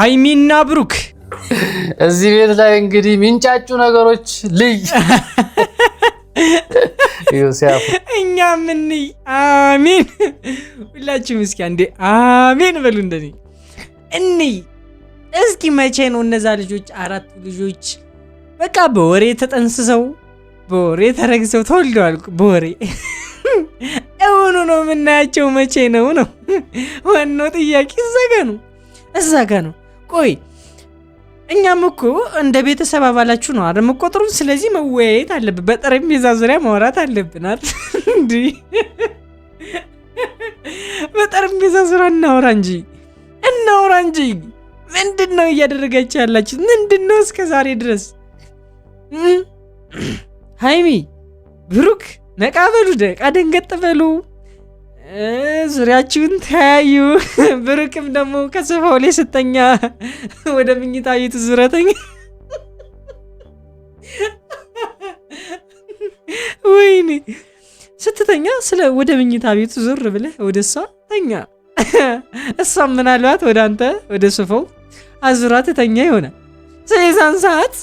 ሀይሚና ብሩክ እዚህ ቤት ላይ እንግዲህ ሚንጫጩ ነገሮች ልይ እኛ ምን አሚን። ሁላችሁም እስኪ አንዴ አሚን በሉ። እንደኔ እንይ እስኪ መቼ ነው እነዛ ልጆች አራቱ ልጆች በቃ በወሬ ተጠንስሰው በወሬ ተረግዘው ተወልደዋል። በወሬ እውኑ ነው የምናያቸው? መቼ ነው ነው ዋናው ጥያቄ። እዛ ጋ ነው፣ እዛ ጋ ነው ቆይ እኛም እኮ እንደ ቤተሰብ አባላችሁ ነው አይደል የምቆጥሩን። ስለዚህ መወያየት አለብን፣ በጠረጴዛ ዙሪያ ማውራት አለብናል። እንዲህ በጠረጴዛ ዙሪያ እናውራ እንጂ እናውራ እንጂ። ምንድን ነው እያደረጋችሁ ያላችሁ? ምንድን ነው እስከ ዛሬ ድረስ? ሀይሚ ብሩክ ነቃ በሉ፣ ደቃ ደንገጥ በሉ። ዙሪያችሁን ተያዩ። ብሩቅም ደግሞ ከሶፋው ላይ ስተኛ ወደ ምኝታ ቤቱ ዙረተኝ። ወይኔ ስትተኛ ስለ ወደ ምኝታ ቤቱ ዙር ብለህ ወደ እሷ ተኛ። እሷም ምናልባት ወደ አንተ ወደ ሶፋው አዙራ ትተኛ ይሆናል። ስለዛን ሰዓት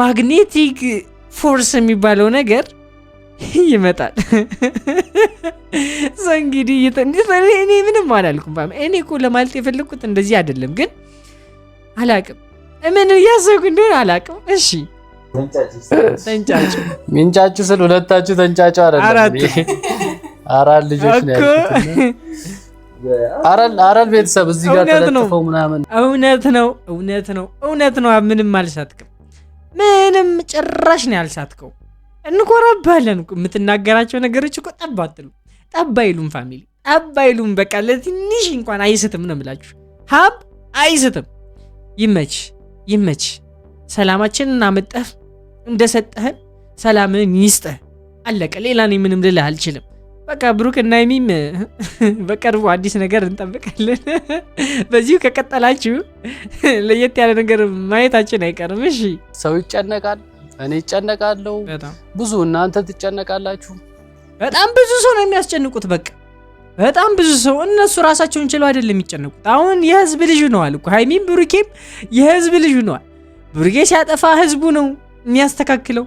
ማግኔቲክ ፎርስ የሚባለው ነገር ይመጣል እንግዲህ እኔ ምንም አላልኩም። እኔ እኮ ለማለት የፈለግኩት እንደዚህ አይደለም፣ ግን አላቅም። ምን እያሰብኩ እንደሆነ አላቅም። እሺ ተንጫጩ ሚንጫጩ ስል ሁለታችሁ ተንጫጩ አራት አራት ልጆች አራት ቤተሰብ እዚህ ጋር ተለጥፈው ምናምን እውነት ነው እውነት ነው እውነት ነው። ምንም አልሳትክም። ምንም ጭራሽ ነው ያልሳትከው እንኮረባለን የምትናገራቸው ነገሮች እኮ ጠብ አትሉ ጠብ አይሉም ፋሚሊ ጠብ አይሉም። በቃ ለትንሽ እንኳን አይስትም ነው የምላችሁ። ሀብ አይስትም። ይመች ይመች። ሰላማችን እናመጠፍ እንደሰጠህን ሰላምን ይስጠህ። አለቀ። ሌላ እኔ ምንም ልልህ አልችልም። በቃ ብሩክ እና ሀይሚም በቅርቡ አዲስ ነገር እንጠብቃለን። በዚሁ ከቀጠላችሁ ለየት ያለ ነገር ማየታችን አይቀርም። እሺ ሰው ይጨነቃል። እኔ ይጨነቃለሁ። ብዙ። እናንተ ትጨነቃላችሁ። በጣም ብዙ ሰው ነው የሚያስጨንቁት። በቃ በጣም ብዙ ሰው እነሱ ራሳቸውን ችለው አይደለም የሚጨነቁት። አሁን የህዝብ ልጅ ሆነዋል እኮ ሀይሚም ብሩኬም የህዝብ ልጅ ነዋል። ብሩኬ ሲያጠፋ ህዝቡ ነው የሚያስተካክለው።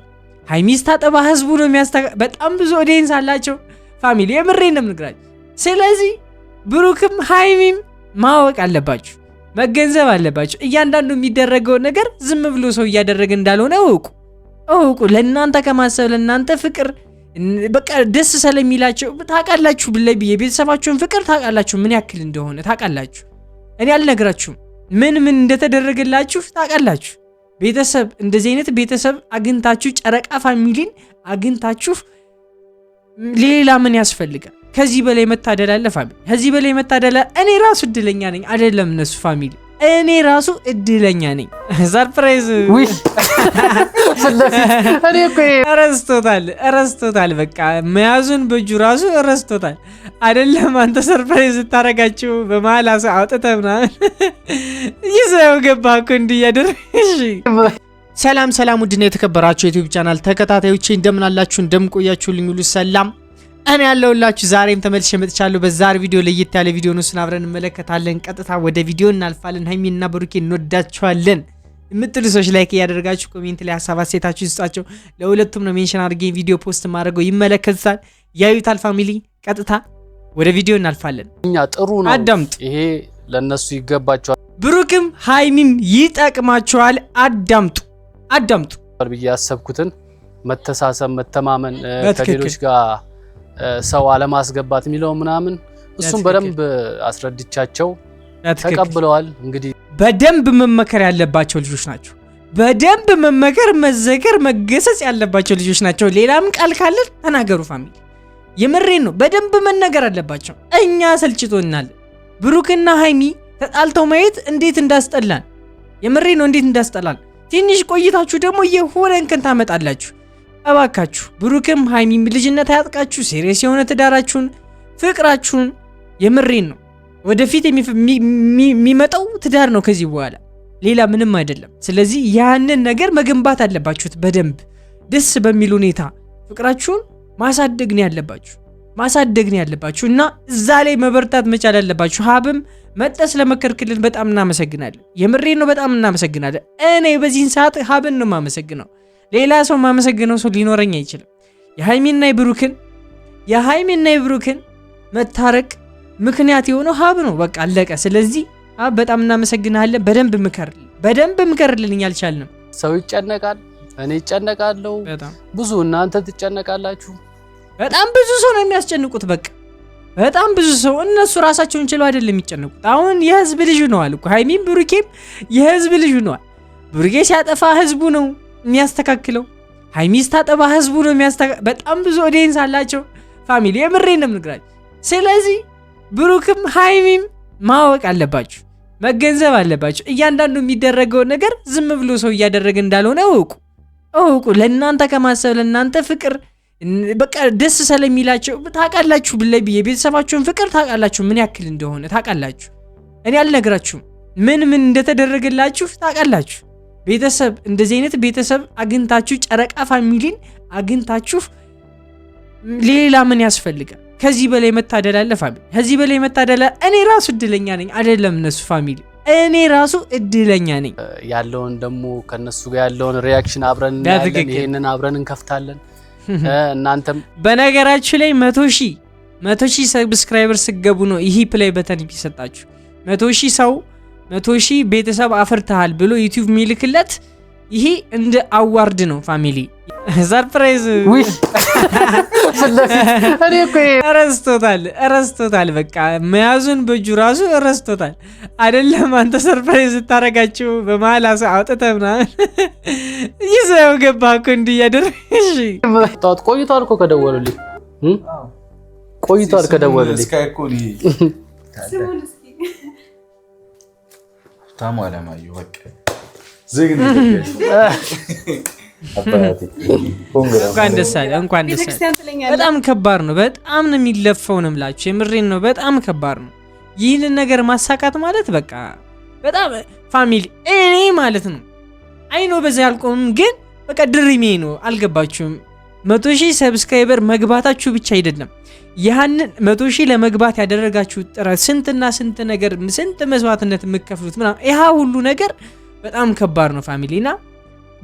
ሀይሚ ስታጠፋ ህዝቡ ነው የሚያስተካክለው። በጣም ብዙ ኦዲየንስ አላቸው ፋሚሊ፣ የምሬ ነው ስለዚህ ብሩክም ሀይሚም ማወቅ አለባችሁ መገንዘብ አለባቸው። እያንዳንዱ የሚደረገውን ነገር ዝም ብሎ ሰው እያደረገ እንዳልሆነ እውቁ። እውቁ ለእናንተ ከማሰብ ለእናንተ ፍቅር በቃ ደስ ስለሚላቸው ታውቃላችሁ። ብዬ የቤተሰባችሁን ፍቅር ታውቃላችሁ፣ ምን ያክል እንደሆነ ታውቃላችሁ። እኔ አልነግራችሁም ምን ምን እንደተደረገላችሁ ታውቃላችሁ። ቤተሰብ እንደዚህ አይነት ቤተሰብ አግኝታችሁ ጨረቃ ፋሚሊን አግኝታችሁ ሌላ ምን ያስፈልጋል? ከዚህ በላይ መታደል አለ ፋሚሊ፣ ከዚህ በላይ መታደል። እኔ ራሱ እድለኛ ነኝ አይደለም እነሱ ፋሚሊ እኔ ራሱ እድለኛ ነኝ። ሰርፕራይዝ ረስቶታል ረስቶታል። በቃ መያዙን በእጁ ራሱ ረስቶታል። አይደለም አንተ ሰርፕራይዝ ስታረጋችው በመሀል አውጥተህ ምናምን ይዘው ገባ እኮ እንዲህ እያደረግሽ ሰላም ሰላም፣ ውድና የተከበራችሁ የዩቲዩብ ቻናል ተከታታዮቼ እንደምን አላችሁ? እንደምን ቆያችሁልኝ? ሁሉ ሰላም እኔ ያለሁላችሁ ዛሬም ተመልሼ መጥቻለሁ። በዛሬ ቪዲዮ ለየት ያለ ቪዲዮ ነው፣ እሱን አብረን እንመለከታለን። ቀጥታ ወደ ቪዲዮ እናልፋለን። ሀይሚና ብሩኬ እንወዳቸዋለን የምትሉ ሰዎች ላይክ እያደረጋችሁ ኮሜንት ላይ ሀሳብ አሴታችሁ ይስጣቸው። ለሁለቱም ነው ሜንሽን አድርጌ ቪዲዮ ፖስት ማድረገው፣ ይመለከታል፣ ያዩታል። ፋሚሊ ቀጥታ ወደ ቪዲዮ እናልፋለን። እኛ ጥሩ ነው፣ አዳምጥ። ይሄ ለእነሱ ይገባቸዋል። ብሩክም ሀይሚም ይጠቅማቸዋል። አዳምጡ፣ አዳምጡ ብዬ ያሰብኩትን መተሳሰብ፣ መተማመን ከሌሎች ጋር ሰው አለማስገባት የሚለው ምናምን እሱም በደንብ አስረድቻቸው ተቀብለዋል። እንግዲህ በደንብ መመከር ያለባቸው ልጆች ናቸው። በደንብ መመከር፣ መዘከር፣ መገሰጽ ያለባቸው ልጆች ናቸው። ሌላም ቃል ካለን ተናገሩ ፋሚሊ። የምሬን ነው። በደንብ መነገር አለባቸው። እኛ ሰልችቶናል። ብሩክና ሀይሚ ተጣልተው ማየት እንዴት እንዳስጠላን። የምሬ ነው። እንዴት እንዳስጠላን። ትንሽ ቆይታችሁ ደግሞ የሆነ እንከን ታመጣላችሁ። እባካችሁ ብሩክም ሀይሚም ልጅነት አያጥቃችሁ። ሴሪየስ የሆነ ትዳራችሁን፣ ፍቅራችሁን የምሬን ነው። ወደፊት የሚመጣው ትዳር ነው ከዚህ በኋላ ሌላ ምንም አይደለም። ስለዚህ ያንን ነገር መገንባት አለባችሁት። በደንብ ደስ በሚል ሁኔታ ፍቅራችሁን ማሳደግ ነው ያለባችሁ ማሳደግ ነው ያለባችሁ እና እዛ ላይ መበርታት መቻል አለባችሁ። ሀብም መጠስ ለመከርክልን በጣም እናመሰግናለን። የምሬን ነው፣ በጣም እናመሰግናለን። እኔ በዚህን ሰዓት ሀብን ነው የማመሰግነው። ሌላ ሰው ማመሰግነው ሰው ሊኖረኝ አይችልም። የሀይሚና የብሩክን የሀይሚና የብሩክን መታረቅ ምክንያት የሆነው ሀብ ነው። በቃ አለቀ። ስለዚህ ሀብ በጣም እናመሰግናለን። በደንብ ምከርልን፣ በደንብ ምከርልልኝ። አልቻልንም። ሰው ይጨነቃል፣ እኔ ይጨነቃለሁ፣ ብዙ እናንተ ትጨነቃላችሁ። በጣም ብዙ ሰው ነው የሚያስጨንቁት። በቃ በጣም ብዙ ሰው እነሱ ራሳቸውን ችለው አይደለም የሚጨነቁት። አሁን የህዝብ ልጅ ነዋል እኮ ሀይሚም ብሩኬም የህዝብ ልጅ ነዋል። ብሩኬ ሲያጠፋ ህዝቡ ነው የሚያስተካክለው ሀይሚስ ታጠባ ህዝቡ ነው የሚያስተካ በጣም ብዙ ኦዲየንስ አላቸው ፋሚሊ፣ የምሬ ነው ስለዚህ ብሩክም ሀይሚም ማወቅ አለባችሁ፣ መገንዘብ አለባችሁ። እያንዳንዱ የሚደረገው ነገር ዝም ብሎ ሰው እያደረገ እንዳልሆነ እውቁ እውቁ። ለእናንተ ከማሰብ ለእናንተ ፍቅር በቃ ደስ ስለሚላቸው ታውቃላችሁ። ብለይ ብዬ ፍቅር ታውቃላችሁ፣ ምን ያክል እንደሆነ ታውቃላችሁ። እኔ አልነግራችሁም ምን ምን እንደተደረገላችሁ ታውቃላችሁ። ቤተሰብ እንደዚህ አይነት ቤተሰብ አግኝታችሁ ጨረቃ ፋሚሊን አግኝታችሁ ሌላ ምን ያስፈልጋል? ከዚህ በላይ መታደል አለ ፋሚሊ፣ ከዚህ በላይ መታደል። እኔ ራሱ እድለኛ ነኝ አይደለም እነሱ ፋሚሊ፣ እኔ ራሱ እድለኛ ነኝ። ያለውን ደግሞ ከነሱ ጋር ያለውን ሪያክሽን አብረን እናያለን። ይሄንን አብረን እንከፍታለን። እናንተም በነገራችሁ ላይ መቶ ሺህ መቶ ሺህ ሰብስክራይበር ስገቡ ነው ይሄ ፕሌይ በተን የሚሰጣችሁ መቶ ሺህ ሰው መቶ ሺህ ቤተሰብ አፍርተሃል ብሎ ዩቲዩብ የሚልክለት ይሄ እንደ አዋርድ ነው። ፋሚሊ ሰርፕራይዝ ረስቶታል፣ ረስቶታል። በቃ መያዙን በእጁ ራሱ ረስቶታል። አይደለም አንተ ሰርፕራይዝ ስታረጋችው በመሀል አውጥተ ምናምን ይዘው ገባ እኮ እንዲህ እያደረግሽ ቆይቷል እኮ ከደወሉልኝ ቆይቷል ከደወሉልኝ ሀብታሙ አለማየሁ በቃ ዝግ ነው። በጣም ከባድ ነው። በጣም ነው የሚለፈው ነው የምሬን ነው። በጣም ከባድ ነው። ይህንን ነገር ማሳካት ማለት በቃ በጣም ፋሚሊ እኔ ማለት ነው አይኖ በዛ አልቆምም ግን በቃ ድሪሜ ነው። አልገባችሁም? መቶ ሺህ ሰብስክራይበር መግባታችሁ ብቻ አይደለም ያንን መቶ ሺህ ለመግባት ያደረጋችሁ ጥረት ስንትና ስንት ነገር ስንት መስዋዕትነት የምከፍሉት ምናምን ይሃ ሁሉ ነገር በጣም ከባድ ነው ፋሚሊ እና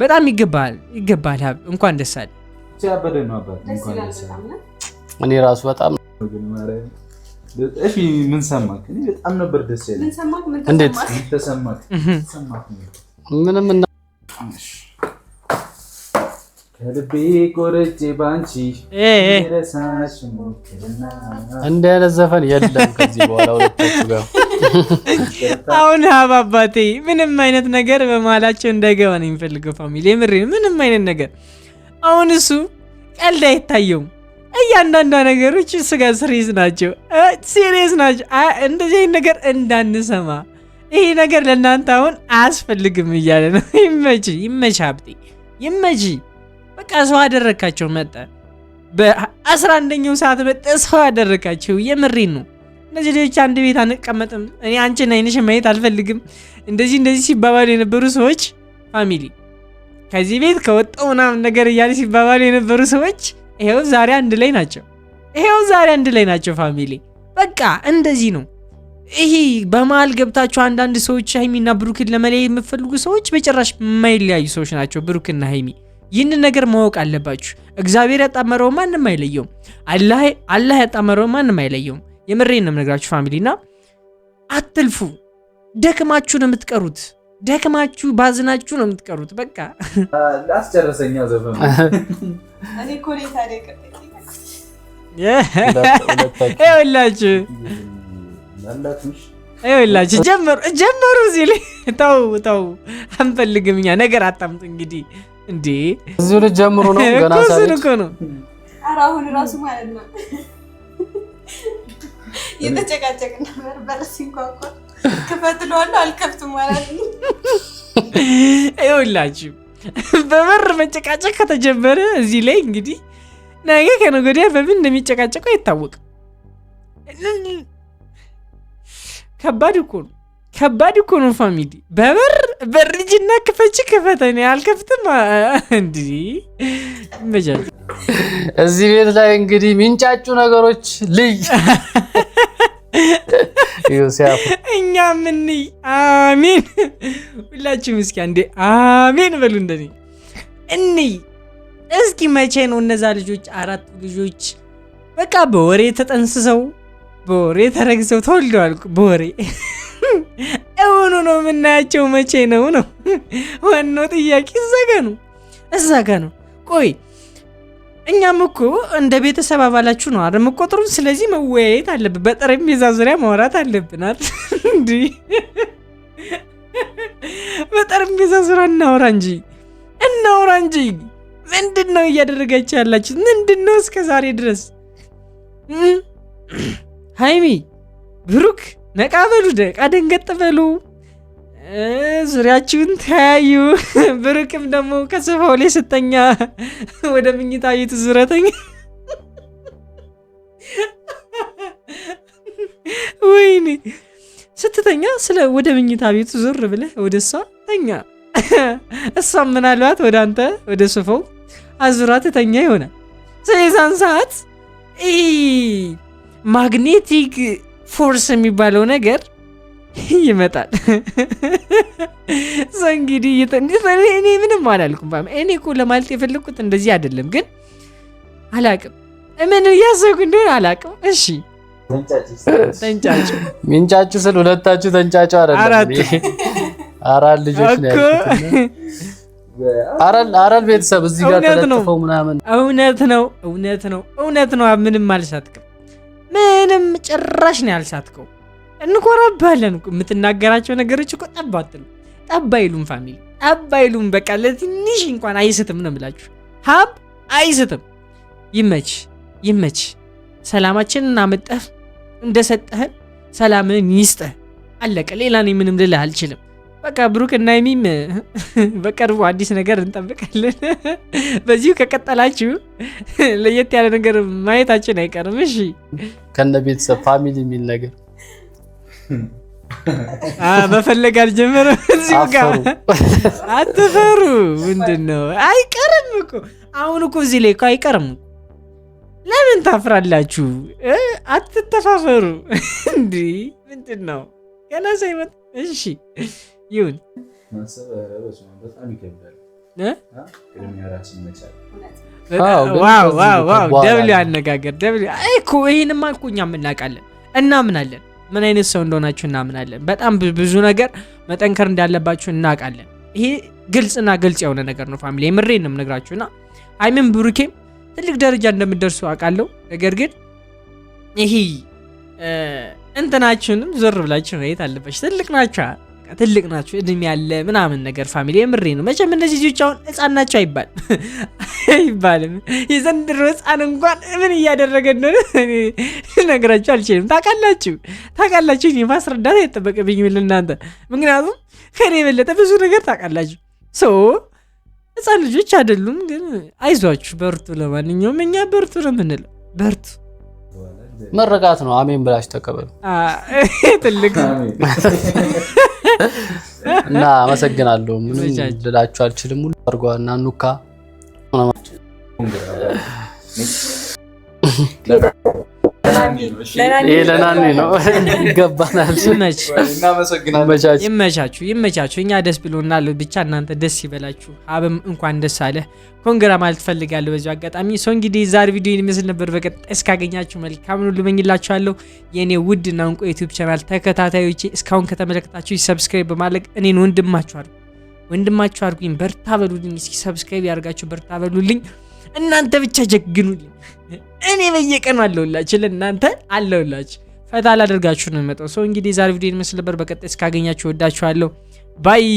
በጣም ይገባል ይገባል ሀብ እንኳን ደስ አለ እኔ ራሱ በጣም እሺ ምን ሰማክ በጣም ነበር ደስ ያለ ምንም እንደ አይነት ዘፈን የለም ከዚህ በኋላ ሁለታችሁ ጋር። አሁን ሀብ አባቴ ምንም አይነት ነገር በመሀላቸው እንዳይገባ ነው የሚፈልገው ፋሚሊ፣ ምሪ ምንም አይነት ነገር። አሁን እሱ ቀልድ አይታየውም። እያንዳንዷ ነገሮች እሱ ጋር ሲሪየስ ናቸው፣ ሲሪየስ ናቸው። እንደዚህ አይነት ነገር እንዳንሰማ ይሄ ነገር ለእናንተ አሁን አያስፈልግም እያለ ነው። ይመች ይመች፣ ሀብቴ ይመች። በቃ ሰው አደረካቸው። መጠ በአስራ ኛው ሰዓት መጠ ሰው አደረካቸው። የምሬን ነው። እነዚህ ልጆች አንድ ቤት አንቀመጥም፣ እኔ አንቺን አይንሽ ማየት አልፈልግም፣ እንደዚህ እንደዚህ ሲባባሉ የነበሩ ሰዎች ፋሚሊ ከዚህ ቤት ከወጣው ምናምን ነገር እያለ ሲባባሉ የነበሩ ሰዎች ይሄው ዛሬ አንድ ላይ ናቸው። ይሄው ዛሬ አንድ ላይ ናቸው ፋሚሊ። በቃ እንደዚህ ነው። ይሄ በመሀል ገብታችሁ አንዳንድ ሰዎች ሀይሚና ብሩክን ለመለየት የምትፈልጉ ሰዎች በጭራሽ የማይለያዩ ሰዎች ናቸው ብሩክና ሀይሚ። ይህንን ነገር ማወቅ አለባችሁ። እግዚአብሔር ያጣመረው ማንም አይለየውም። አላህ ያጣመረው ማንም አይለየውም። የምሬን ነው የምነግራችሁ ፋሚሊና አትልፉ። ደክማችሁ ነው የምትቀሩት። ደክማችሁ ባዝናችሁ ነው የምትቀሩት። በቃ አስጨረሰኛ ዘፈን ይኸውላችሁ ይኸውላችሁ ጀመሩ ጀመሩ ሲል ተው ተው አንፈልግም እኛ ነገር አታምጡ እንግዲህ እንዴ እዚሁ ልጅ ጀምሮ ነው ገና እኮ ነው። ኧረ አሁን ማለት ነው የተጨቃጨቅ ነበር። በር ሲንኳኳ አልከፍትም ማለት ነው። ይኸውላችሁ በበር መጨቃጨቅ ከተጀመረ እዚህ ላይ እንግዲህ ነገ ከነገ ወዲያ በምን እንደሚጨቃጨቁ አይታወቅም። ከባድ እኮ ነው። ከባድ እኮ ነው ፋሚሊ። በበር በርጅና ክፈች ክፈተን አልከፍትም። እንዲ እዚህ ቤት ላይ እንግዲህ ሚንጫጩ ነገሮች ልይ እኛ ምን አሚን። ሁላችሁም እስኪ አንዴ አሜን በሉ። እንደኔ እንይ እስኪ መቼ ነው እነዛ ልጆች አራት ልጆች በቃ በወሬ ተጠንስሰው በወሬ ተረግዘው ተወልደዋል በወሬ እውኑ ነው የምናያቸው መቼ ነው ነው ዋናው ጥያቄ። እዛ ጋ ነው እዛ ጋ ነው። ቆይ እኛም እኮ እንደ ቤተሰብ አባላችሁ ነው አይደል የምቆጥሩን። ስለዚህ መወያየት አለብን፣ በጠረጴዛ ዙሪያ ማውራት አለብናል። እንዲህ በጠረጴዛ ዙሪያ እናውራ እንጂ እናውራ እንጂ። ምንድን ነው እያደረጋችሁ ያላችሁ? ምንድን ነው እስከ ዛሬ ድረስ ሀይሚ ብሩክ ነቃ በሉ፣ ነቃ ደንገጥ በሉ፣ ዙሪያችሁን ተያዩ። ብርቅም ደግሞ ከሶፋው ላይ ስተኛ ወደ ምኝታ ቤቱ ዙረተኝ ወይኔ ስትተኛ ስለ ወደ ምኝታ ቤቱ ዞር ብለህ ወደ እሷ ተኛ። እሷም ምናልባት ወደ አንተ ወደ ሶፋው አዙራ ትተኛ ይሆናል። ስለዛን ሰዓት ማግኔቲክ ፎርስ የሚባለው ነገር ይመጣል። ሰው እንግዲህ እኔ ምንም አላልኩም። እኔ እኮ ለማለት የፈለግኩት እንደዚህ አይደለም፣ ግን አላቅም። ምን እያሰብኩ እንደሆነ አላቅም። እሺ ተንጫጩ ስል ሁለታችሁ ተንጫጩ አይደለም። አራት ልጆች ነው አራት ቤተሰብ እዚህ ጋር ተለጥፈው ምናምን። እውነት ነው፣ እውነት ነው፣ እውነት ነው። ምንም አልሳትክም። ምንም ጭራሽ ነው ያልሳትከው። እንኮረባለን። የምትናገራቸው ነገሮች እኮ ጠባ አትሉ ጠባ ይሉም ፋሚሊ ጠባ ይሉም። በቃ ለትንሽ እንኳን አይስትም ነው የምላችሁ። ሀብ አይስትም። ይመች ይመች። ሰላማችን እናመጠህ እንደሰጠህን ሰላምን ይስጠህ። አለቀ። ሌላ እኔ ምንም ልልህ አልችልም። በቃ ብሩክ እና ሀይሚም በቅርቡ አዲስ ነገር እንጠብቃለን። በዚሁ ከቀጠላችሁ ለየት ያለ ነገር ማየታችን አይቀርም። እሺ ከነ ቤተሰብ ፋሚሊ የሚል ነገር መፈለግ አልጀመረም። እዚሁ አትፈሩ። ምንድን ነው አይቀርም እኮ አሁን እኮ እዚህ ላይ እኮ አይቀርም። ለምን ታፍራላችሁ? አትተፋፈሩ። እንዲህ ምንድን ነው ገና ሳይመጣ እሺ ይሁን ደብል አነጋገር እኮ ይህንማ እኮ እኛም እናውቃለን፣ እናምናለን። ምን አይነት ሰው እንደሆናችሁ እናምናለን። በጣም ብዙ ነገር መጠንከር እንዳለባችሁ እናውቃለን። ይሄ ግልጽና ግልጽ የሆነ ነገር ነው። ፋሚሊ የምሬን ነው የምነግራችሁና አይምን ብሩኬም ትልቅ ደረጃ እንደምደርሱ አውቃለሁ። ነገር ግን ይሄ እንትናችሁንም ዞር ብላችሁ ማየት አለባችሁ። ትልቅ ናቸ በቃ ትልቅ ናቸው እድሜ ያለ ምናምን ነገር ፋሚሊ የምሬ ነው። መቼም እነዚህ ልጆች አሁን ህፃን ናቸው አይባል አይባልም። የዘንድሮ ህፃን እንኳን ምን እያደረገ እንደሆነ ልነግራችሁ አልችልም። ታውቃላችሁ ታውቃላችሁ። እኔ ማስረዳት አይጠበቅብኝም ልናንተ፣ ምክንያቱም ከኔ የበለጠ ብዙ ነገር ታውቃላችሁ። ሶ ህፃን ልጆች አይደሉም፣ ግን አይዟችሁ በርቱ። ለማንኛውም እኛ በርቱ ነው የምንለው። በርቱ መረጋት ነው። አሜን ብላችሁ ተቀበሉ። ትልቅ እና አመሰግናለሁ። ምንም ልላችሁ አልችልም። ሁሉ አድርጓል እና ኑካ ምናምን ይሄ ለናኒ ነው። ይገባናል። ይመቻችሁ፣ ይመቻችሁ። እኛ ደስ ብሎናል። ብቻ እናንተ ደስ ይበላችሁ። አብም እንኳን ደስ አለ ኮንግራ ማለት ፈልጋለሁ በዚሁ አጋጣሚ። ሰው እንግዲህ ዛሬ ቪዲዮ የሚመስል ነበር። በቀጣይ እስካገኛችሁ መልካም ነው ልመኝላችኋለሁ። የእኔ ውድ እና እንቁ ዩቲዩብ ቻናል ተከታታዮቼ እስካሁን ከተመለከታችሁ ሰብስክራይብ በማድረግ እኔን ወንድማችሁ አድርጉ፣ ወንድማችሁ አድርጉኝ። በርታ በሉልኝ። እስኪ ሰብስክራይብ ያደርጋችሁ በርታ በሉልኝ። እናንተ ብቻ ጀግኑልኝ። እኔ በየቀኑ አለሁላችሁ፣ ለእናንተ አለሁላችሁ። ፈታ ላደርጋችሁ ነው የምመጣው። ሰው እንግዲህ የዛሬ ቪዲዮ ይመስል ነበር። በቀጣይ እስካገኛችሁ ወዳችኋለሁ። ባይ